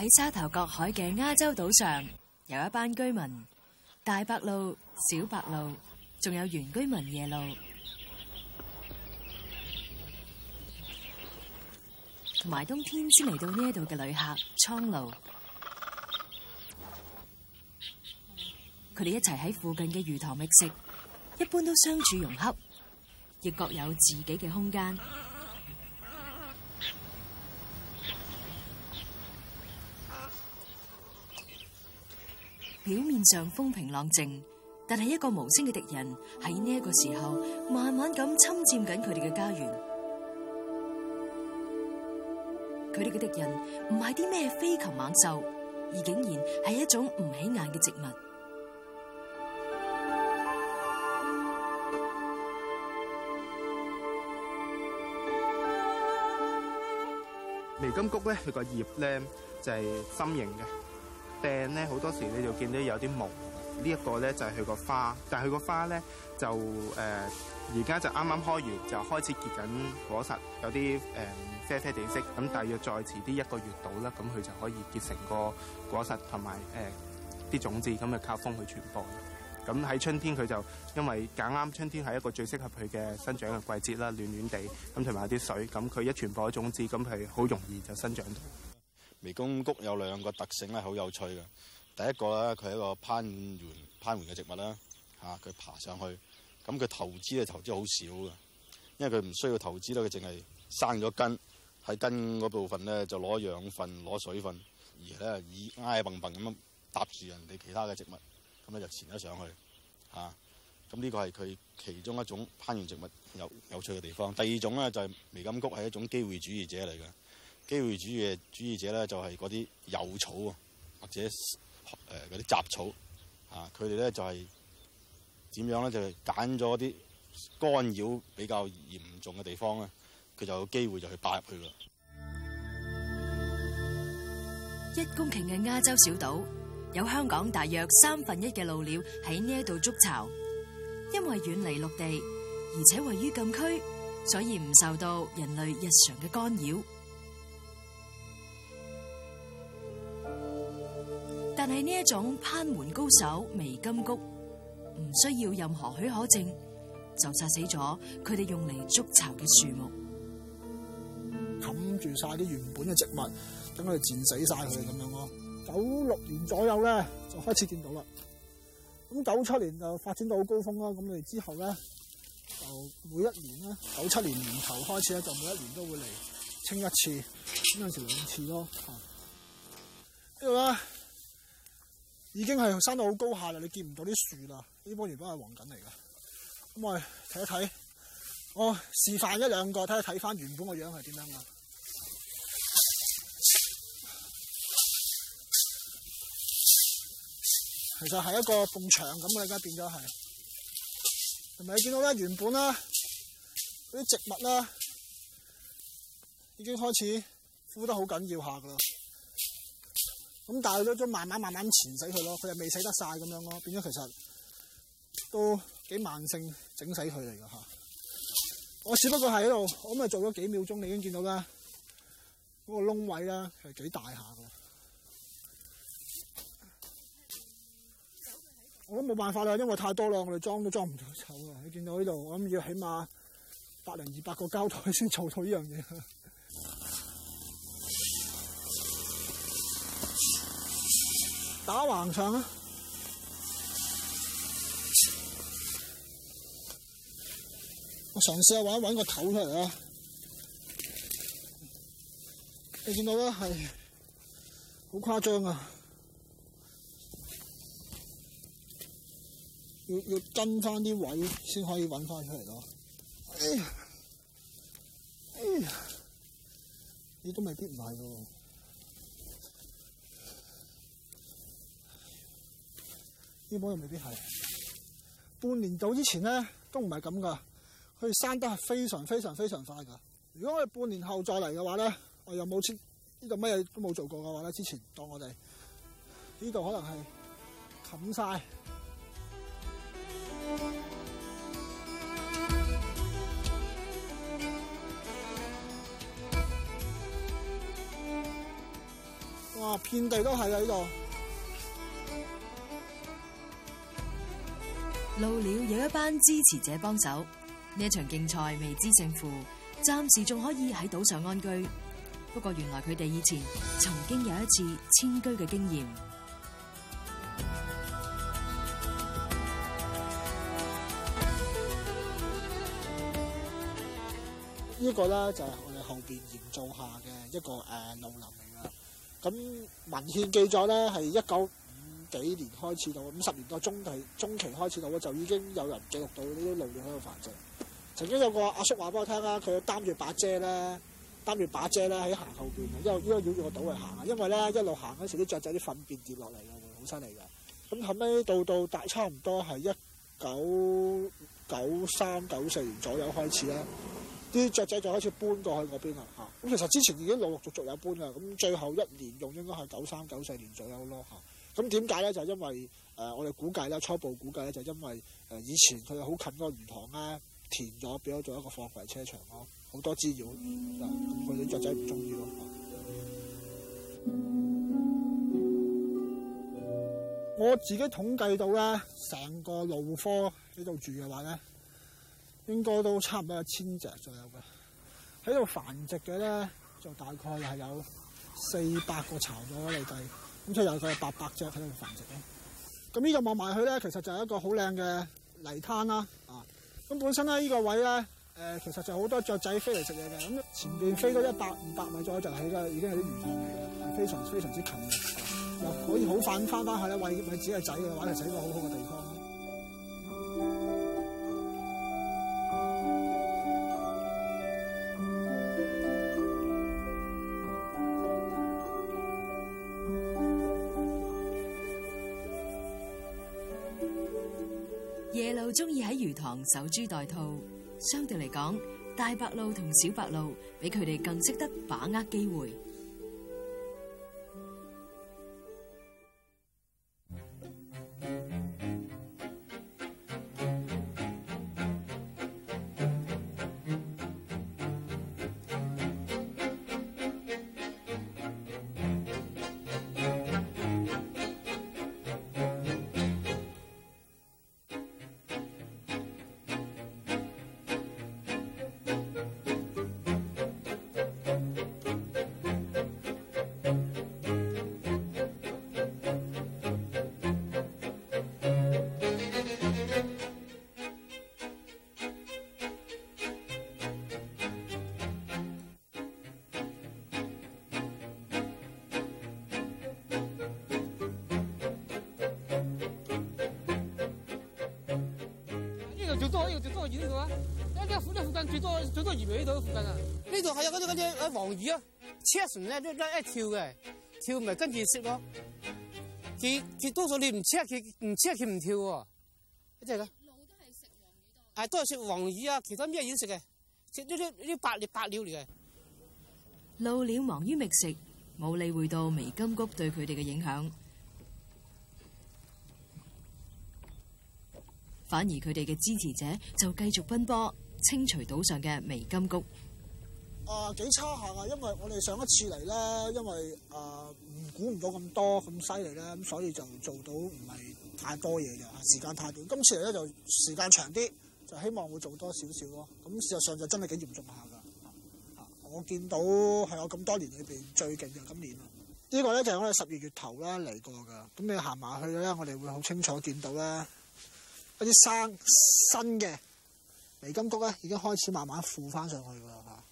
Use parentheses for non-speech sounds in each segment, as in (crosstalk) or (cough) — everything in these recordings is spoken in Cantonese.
喺沙頭角海嘅鴉洲島上，有一班居民：大白鷺、小白鷺，仲有原居民夜鷺，同埋冬天先嚟到呢度嘅旅客蒼鷺。佢哋一齊喺附近嘅魚塘覓食，一般都相處融洽，亦各有自己嘅空間。表面上風平浪靜，但係一個無聲嘅敵人喺呢一個時候慢慢咁侵佔緊佢哋嘅家園。佢哋嘅敵人唔係啲咩飛禽猛獸，而竟然係一種唔起眼嘅植物。薇甘菊咧，佢個葉咧就係心形嘅。但係咧好多時你就見到有啲毛，呢、這、一個咧就係佢個花，但係佢個花咧就誒而家就啱啱開完，就開始結緊果實，有啲誒、呃、啡啡地色。咁大約再遲啲一個月到啦，咁佢就可以結成個果，果實同埋誒啲種子，咁就靠風去傳播。咁喺春天佢就因為揀啱春天係一個最適合佢嘅生長嘅季節啦，暖暖地咁同埋有啲水，咁佢一傳播啲種子，咁佢好容易就生長到。薇甘菊有兩個特性咧，好有趣嘅。第一個咧，佢係一個攀援、攀援嘅植物啦，嚇佢爬上去，咁佢投資咧投資好少嘅，因為佢唔需要投資咯，佢淨係生咗根，喺根嗰部分咧就攞養分、攞水分，而咧以挨笨笨咁搭住人哋其他嘅植物，咁咧就潛咗上去，嚇、啊。咁呢個係佢其中一種攀援植物有有趣嘅地方。第二種咧就係薇甘菊係一種機會主義者嚟嘅。機會主義主義者咧，就係嗰啲幼草啊，或者誒嗰啲雜草啊，佢哋咧就係點樣咧，就係揀咗啲干擾比較嚴重嘅地方咧，佢就有機會就去擺入去啦。一公頃嘅鴉洲小島，有香港大約三分一嘅鷺鳥喺呢一度築巢，因為遠離陸地，而且位於禁區，所以唔受到人類日常嘅干擾。係呢一種攀援高手，薇甘菊唔需要任何許可證就殺死咗佢哋用嚟築巢嘅樹木，冚住晒啲原本嘅植物，等佢哋戰死晒佢哋咁樣咯。九六年左右咧就開始見到啦，咁九七年就發展到好高峰啦。咁你哋之後咧就每一年咧，九七年年頭開始咧就每一年都會嚟清一次，有陣時兩次咯。啊、呢度咧。已經係生到好高下啦，你見唔到啲樹啦。呢棵原本係黃槿嚟嘅，咁我睇一睇，我示範一兩個，睇下睇翻，原本個樣係點樣嘅。其實係一個埲牆咁嘅，而家變咗係。同埋你見到咧，原本啦，嗰啲植物啦，已經開始枯得好緊要下噶啦。咁但係都都慢慢慢慢潛死佢咯，佢又未死得晒咁樣咯，變咗其實都幾慢性整死佢嚟噶吓。 (noise) 我只不過喺度，我咁啊做咗幾秒鐘，你已經見到啦，嗰、嗰個窿位啦係幾大下噶。 (noise) 我都冇辦法啦，因為太多啦，我哋裝都裝唔到手啊！你見到呢度，我諗要起碼百零二百個膠袋先做到呢樣嘢。打橫上啊！我嘗試下搵一搵個頭出嚟啊！你見到啦，係好誇張啊！要要跟翻啲位先可以搵翻出嚟咯。哎呀，哎呀，你都未必唔係喎。呢本又未必係。半年左右之前咧都唔係咁噶，佢哋生得係非常非常非常快噶。如果我哋半年後再嚟嘅話咧，我又冇切呢度乜嘢都冇做過嘅話咧，之前當我哋呢度可能係冚晒哇！遍地都係啊呢度。鷺鳥有一班支持者幫手，呢場競賽未知勝負，暫時仲可以喺島上安居。不過原來佢哋以前曾經有一次遷居嘅經驗。呢個咧就係我哋後邊營造下嘅一個誒，鷺林嚟噶。咁文獻記載咧係一九。幾年開始到，五十年代中期中期開始到，就已經有人記錄到呢啲鷺鳥喺度繁殖。曾經有個阿叔話俾我聽啦，佢擔住把遮咧，擔住把遮咧，喺行後面邊啊。因為呢個繞住個島去行啊，因為咧一路行嗰時啲雀仔啲糞便跌落嚟嘅，好犀利嘅。咁後尾到到大差唔多係一九九三九四年左右開始咧，啲雀仔就開始搬過去嗰邊啦。咁其實之前已經陸陸續續有搬啦。咁最後一年用應該係九三九四年左右咯。咁點解咧？就係、因為誒、呃，我哋估計啦，初步估計咧，就因為誒、呃、以前佢好近個魚塘咧，填咗，變咗做一個貨櫃車場咯、啊，好多滋擾。嗱，佢哋雀仔唔中意咯。 (music) 我自己統計到咧，成個鷺科喺度住嘅話咧，應該都差唔多千隻左右嘅，喺度繁殖嘅咧，就大概係有四百個巢咗你計。咁出又佢有八百隻喺度繁殖嘅，咁呢度望埋去咧，其實就係一個好靚嘅泥灘啦。啊，咁本身咧呢個位咧，誒、呃，其實就好多雀仔飛嚟食嘢嘅。咁、嗯、前邊面飛到一百五百米左右就係個已經係啲魚塘嚟嘅，係非常非常之近嘅，又、啊、可以好快翻返去咧餵餵自己嘅仔嘅話，係一個好好嘅地方。中意喺魚塘守株待兔，相對嚟講，大白鷺同小白鷺比佢哋更識得把握機會。最多可以最多魚呢度啊！一啲附近最多最多魚尾呢度附近啊！呢度係有嗰啲嗰啲黃魚啊，車船咧一一跳嘅，跳咪跟住食咯。佢佢多數你唔車佢唔車佢唔跳喎、啊，嗰隻咧。鷺都係食黃魚多，係都係食黃魚啊！其他咩嘢食嘅？食呢啲呢啲白鳥白鳥嚟嘅。鷺鳥忙於覓食，冇理會到薇甘菊對佢哋嘅影響。反而佢哋嘅支持者就繼續奔波清除島上嘅薇甘菊。啊，幾差下噶，因為我哋上一次嚟咧，因為啊，估唔到咁多咁犀利咧，咁所以就做到唔係太多嘢嘅，時間太短。今次嚟咧就時間長啲，就希望會做多少少咯。咁事實上就真係幾嚴重下噶。啊，我見到係我咁多年裏邊最勁嘅今年啦。這個、呢個咧就我哋十二月頭咧嚟過噶，咁你行埋去咧，我哋會好清楚見到咧。嗰啲生新嘅薇甘菊咧，已經開始慢慢附翻上去噶啦，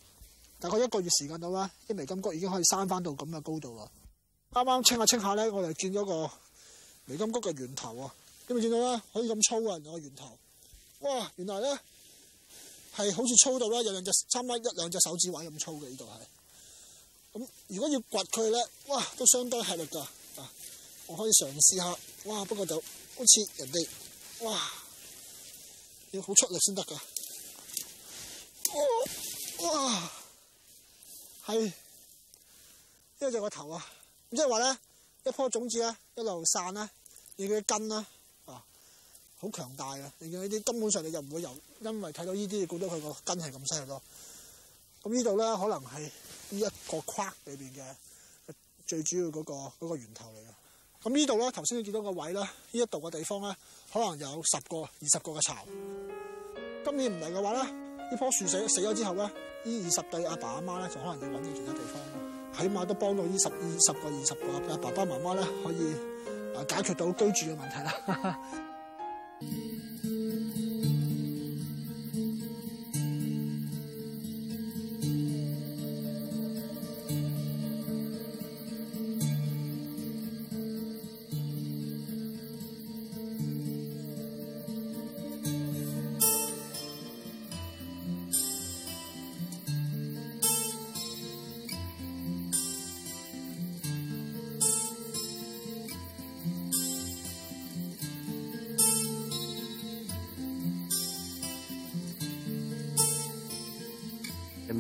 大概一個月時間到啦，啲薇甘菊已經可以生翻到咁嘅高度啦。啱啱清下清下咧，我哋見咗個薇甘菊嘅源頭啊，你咪見到啦，可以咁粗啊，有個源頭，哇，原來咧係好似粗到咧有兩隻差唔多一兩隻手指位咁粗嘅呢度係。咁如果要掘佢咧，哇，都相當吃力噶，啊，我可以嘗試下，哇，不過就好似人哋。哇！要好出力先得噶。哇！係呢隻個頭啊，咁即係話咧，一樖種子咧，一路散咧，你嘅根啦、啊，啊，好強大嘅。令到呢啲根本上你就唔會由，因為睇到，到呢啲，你估到佢個根係咁犀利咯。咁呢度咧，可能係呢一個框裏邊嘅最主要嗰、嗰個嗰、嗰個源頭嚟。咁呢度咧，頭先你見到個位啦，呢一度嘅地方咧，可能有十個、二十個嘅巢。今年唔嚟嘅話咧，呢棵樹死死咗之後咧，呢二十對阿爸阿媽咧，就可能要搵啲其他地方，起碼都幫到呢十二十個二十個阿爸爸媽媽咧，可以啊解決到居住嘅問題啦。 (laughs)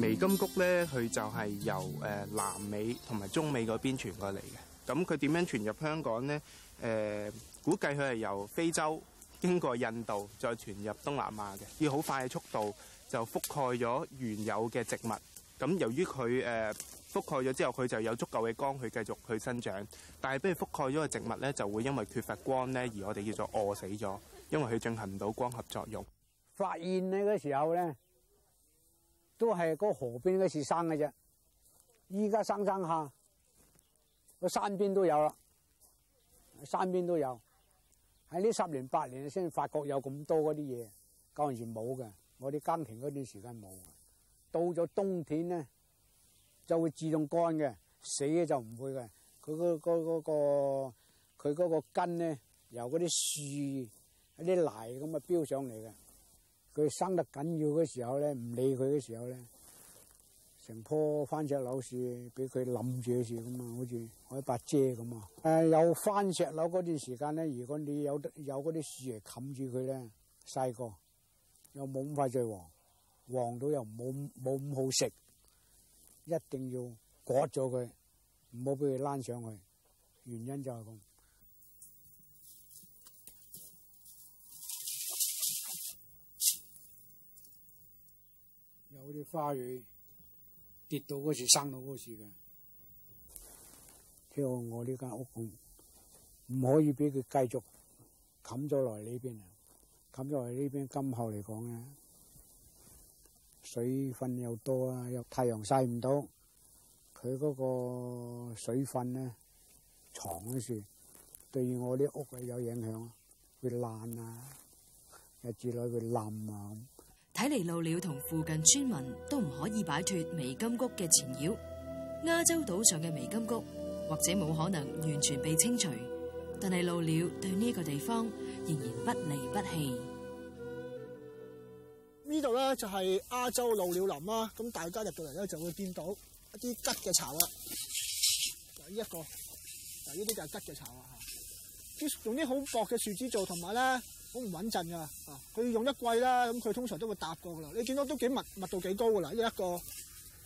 薇甘菊咧，佢就係由誒南美同埋中美嗰邊傳過嚟嘅。咁佢點樣傳入香港咧？誒，估計佢係由非洲經過印度再傳入東南亞嘅，以好快嘅速度就覆蓋咗原有嘅植物。咁由於佢誒覆蓋咗之後，佢就有足夠嘅光去繼續去生長。但係，俾佢覆蓋咗嘅植物咧，就會因為缺乏光咧，而我哋叫做餓死咗，因為佢進行唔到光合作用。發現咧嗰時候咧。都係嗰河邊嗰時生嘅啫，依家生生下，個山邊都有啦，山邊都有。喺呢十年八年先發覺有咁多嗰啲嘢，舊年時冇嘅。我哋耕田嗰段時間冇嘅，到咗冬天咧就會自動乾嘅，死嘅就唔會嘅。佢個嗰、嗰個佢嗰個根咧，由嗰啲樹喺啲泥咁啊飆上嚟嘅。佢生得緊要嘅時候咧，唔理佢嘅時候咧，成棵番石榴樹俾佢冧住嘅樹咁啊，好似一把遮咁啊。誒、呃，有番石榴嗰段時間咧，如果你有得有啲樹葉冚住佢咧，細個又冇咁快最黃，黃到又冇冇咁好食，一定要割咗佢，唔好俾佢攔上去，原因就係咁。嗰啲花蕊跌到嗰時生到嗰時嘅，即係我呢間屋唔可以俾佢繼續冚咗落嚟呢邊啊！冚咗嚟呢邊，今後嚟講咧，水分又多啊，又太陽曬唔到，佢嗰個水分咧藏住樹，對我啲屋係有影響，會爛啊，又住落去會爛啊。睇嚟，鷺鳥同附近村民都唔可以擺脫薇甘菊嘅纏繞。鴉洲島上嘅薇甘菊或者冇可能完全被清除，但係鷺鳥對呢個地方仍然不離不棄。呢度咧就係鴉洲鷺鳥林啦，咁大家入到嚟咧就會見到一啲吉嘅巢啦。就呢一個，嗱，呢啲就係吉嘅巢啊，用啲好薄嘅樹枝做，同埋咧。好唔穩陣㗎，啊！佢用一季啦，咁佢通常都會搭過㗎啦。你見到都幾密，密度幾高㗎啦，一一個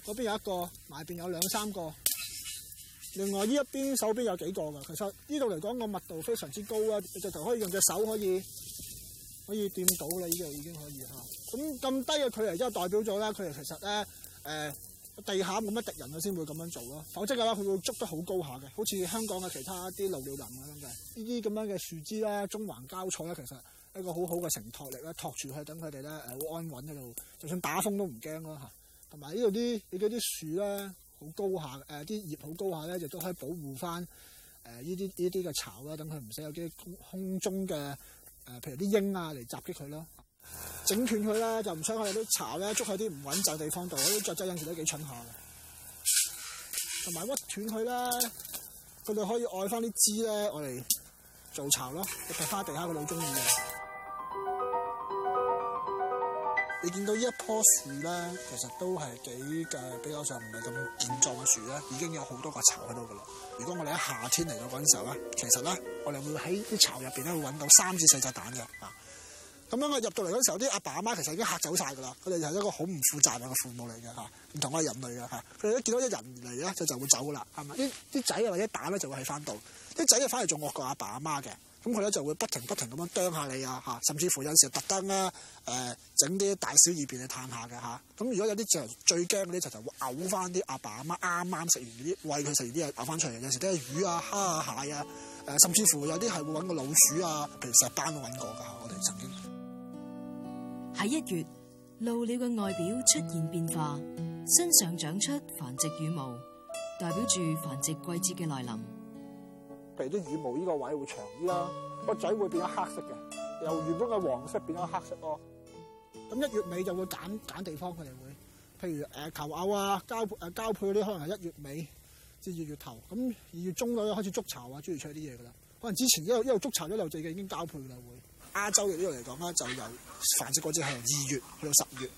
嗰邊有一個，埋邊有兩三個。另外呢一邊手邊有幾個㗎，其實呢度嚟講個密度非常之高啊，直頭可以用隻手可以可以掂到啦，呢度已經可以嚇。咁、啊、咁低嘅距離即係代表咗咧，佢哋其實咧誒。呃地下冇乜敵人，佢先會咁樣做咯。否則嘅話，佢會捉得好高下嘅，好似香港嘅其他啲鷺鳥林咁樣嘅。呢啲咁樣嘅樹枝咧，中環交錯咧，其實一個好好嘅承托力咧，托住佢等佢哋咧誒好安穩喺度。就算打風都唔驚咯嚇。同埋呢度啲呢啲樹咧，好高下誒啲、啊、葉好高下咧，亦都可以保護翻誒呢啲呢啲嘅巢咧，等佢唔使有啲空空中嘅誒、啊，譬如啲鷹啊嚟襲擊佢咯。整斷佢啦，就唔想佢哋啲巢咧，捉喺啲唔穩陣嘅地方度，啲雀仔有時都幾蠢下嘅。同埋屈斷佢咧，佢哋可以愛翻啲枝咧，我哋做巢咯。佢花地下，佢哋好中意嘅。 (music) 你見到呢一棵樹咧，其實都係幾嘅，比較上唔係咁健壯嘅樹咧，已經有好多個巢喺度噶啦。如果我哋喺夏天嚟到嗰陣時候咧，其實咧我哋會喺啲巢入邊咧會搵到三至四隻蛋嘅啊。咁樣我入到嚟嗰時候，啲阿爸阿媽其實已經嚇走晒㗎啦。佢哋就係一個好唔負責任嘅父母嚟嘅嚇，唔同我係人類嘅嚇。佢哋一見到啲人嚟咧，佢就就會走啦，係咪？啲仔或者蛋咧就會喺翻度。啲仔咧反而仲惡過阿爸阿媽嘅。咁佢咧就會不停不停咁樣啄下你啊嚇，甚至乎有時特登咧誒整啲大小二便去嘆下嘅嚇。咁如果有啲就最驚嗰啲就就會嘔翻啲阿爸阿媽啱啱食完啲，餵佢食完啲嘢嘔翻出嚟。有時都係魚啊、蝦啊、蟹啊，誒甚至乎有啲係會揾個老鼠啊，譬如石斑都揾過㗎，我哋曾經。喺一月，鷺鳥嘅外表出現變化，身上長出繁殖羽毛，代表住繁殖季節嘅來臨。譬如啲羽毛呢個位會長啲啦，個嘴會變咗黑色嘅，由原本嘅黃色變咗黑色咯。咁一月尾就會揀揀地方，佢哋會，譬如誒、呃、求偶啊，交誒、呃、交配嗰啲，可能係一月尾至二月、月頭。咁二月中嗰啲開始築巢啊，鍾意取啲嘢噶啦。可能之前一路一路築巢一路就已經交配啦，會。鴉洲嘅呢度嚟講咧，就由繁殖季節係由二月去到十月。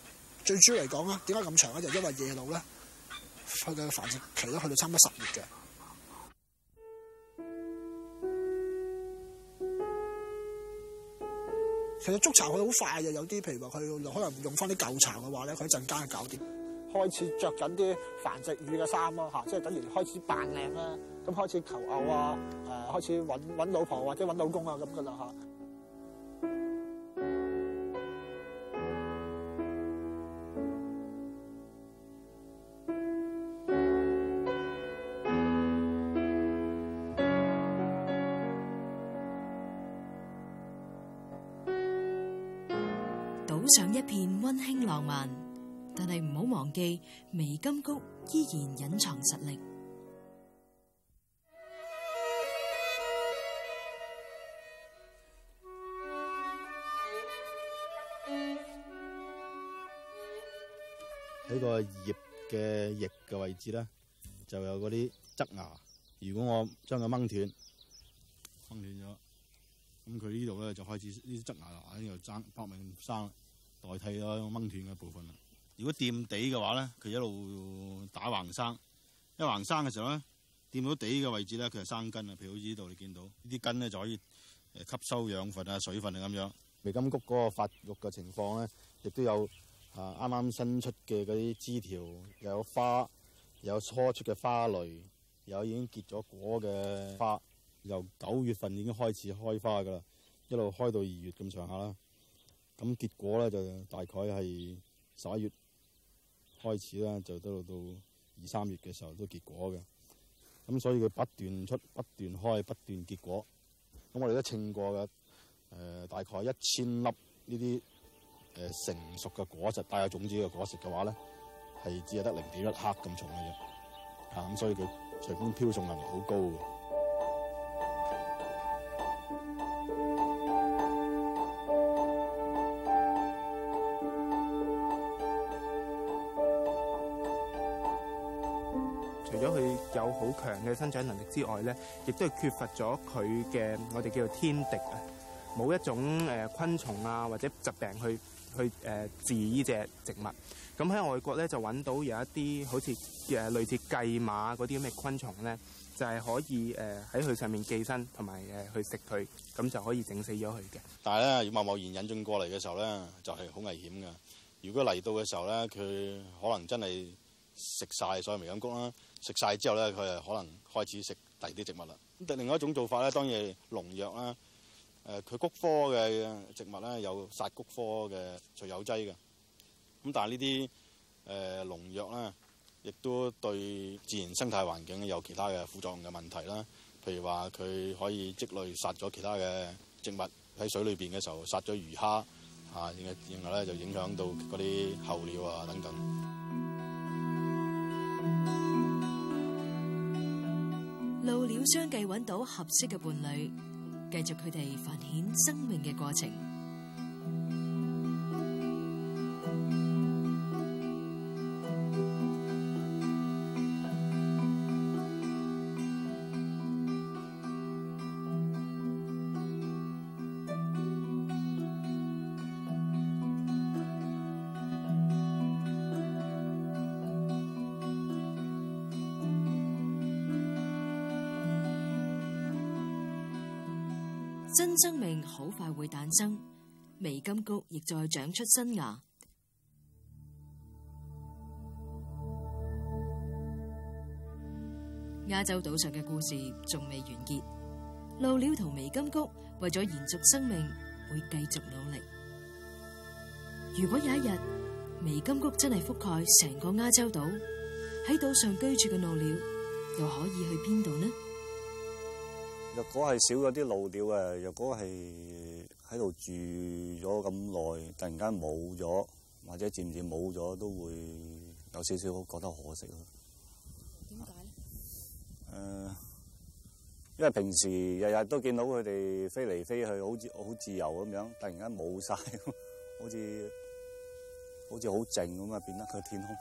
最主要嚟講咧，點解咁長咧？就因為夜鷺咧，佢嘅繁殖期都去到差唔多十月嘅。其實築巢佢好快嘅，有啲譬如話佢可能用翻啲舊巢嘅話咧，佢一陣間就搞掂。開始着緊啲繁殖羽嘅衫咯，嚇，即係等於開始扮靚啦，咁開始求偶啊，誒、呃，開始揾揾老婆或者揾老公啊，咁嘅啦嚇。補上一片溫馨浪漫，但係唔好忘記，薇甘菊依然隱藏實力。喺個葉嘅葉嘅位置咧，就有嗰啲側芽。如果我將佢掹斷，掹斷咗，咁佢呢度咧就開始呢啲側芽喺度，生，搏命生。代替咗掹斷嘅部分啦。如果掂地嘅話咧，佢一路打橫生，一橫生嘅時候咧，掂到地嘅位置咧，佢就生根啊。譬如好似呢度你見到呢啲根咧，就可以誒吸收養分啊、水分啊咁樣。薇甘菊嗰個發育嘅情況咧，亦都有啊啱啱新出嘅嗰啲枝條，又有花，有初出嘅花蕾，有已經結咗果嘅花。由九月份已經開始開花㗎喇，一路開到二月咁上下啦。咁結果咧就大概係十一月開始啦，就到到二三月嘅時候都結果嘅。咁所以佢不斷出、不斷開、不斷結果。咁我哋都稱過嘅，誒、呃、大概一千粒呢啲誒成熟嘅果實帶有種子嘅果實嘅話咧，係只係得零點一克咁重嘅啫。啊咁，所以佢隨風飄送能力好高嘅。能力之外咧，亦都係缺乏咗佢嘅我哋叫做天敵啊，冇一種誒昆蟲啊或者疾病去去誒治呢隻植物。咁喺外國咧就揾到有一啲好似誒類似薊馬嗰啲咁嘅昆蟲咧，就係可以誒喺佢上面寄生同埋誒去食佢，咁就可以整死咗佢嘅。但係咧，貿貿然引進過嚟嘅時候咧，就係好危險嘅。如果嚟到嘅時候咧，佢可能真係食晒所有薇甘菊啦。食晒之後咧，佢係可能開始食第二啲植物啦。咁另外一種做法咧，當然係農藥啦。誒，佢菊科嘅植物咧，有殺菊科嘅除莠劑嘅。咁但係呢啲誒農藥咧，亦都對自然生態環境有其他嘅副作用嘅問題啦。譬如話佢可以積累，殺咗其他嘅植物，喺水裏邊嘅時候殺咗魚蝦啊，然後咧就影響到嗰啲候鳥啊等等。鷺鳥相繼揾到合適嘅伴侶，繼續佢哋繁衍生命嘅過程。快會誕生，薇甘菊亦在長出新芽。鴉洲島上嘅故事仲未完結，鷺鳥同薇甘菊為咗延續生命，會繼續努力。如果有一日，薇甘菊真係覆蓋成個鴉洲島，喺島上居住嘅鷺鳥又可以去邊度呢？若果係少咗啲老鳥誒，若果係喺度住咗咁耐，突然間冇咗，或者漸漸冇咗，都會有少少覺得可惜咯。點解咧？誒、啊，因為平時日日都見到佢哋飛嚟飛去，好似好自由咁樣，突然間冇晒，好似好似好靜咁啊，變得個天空。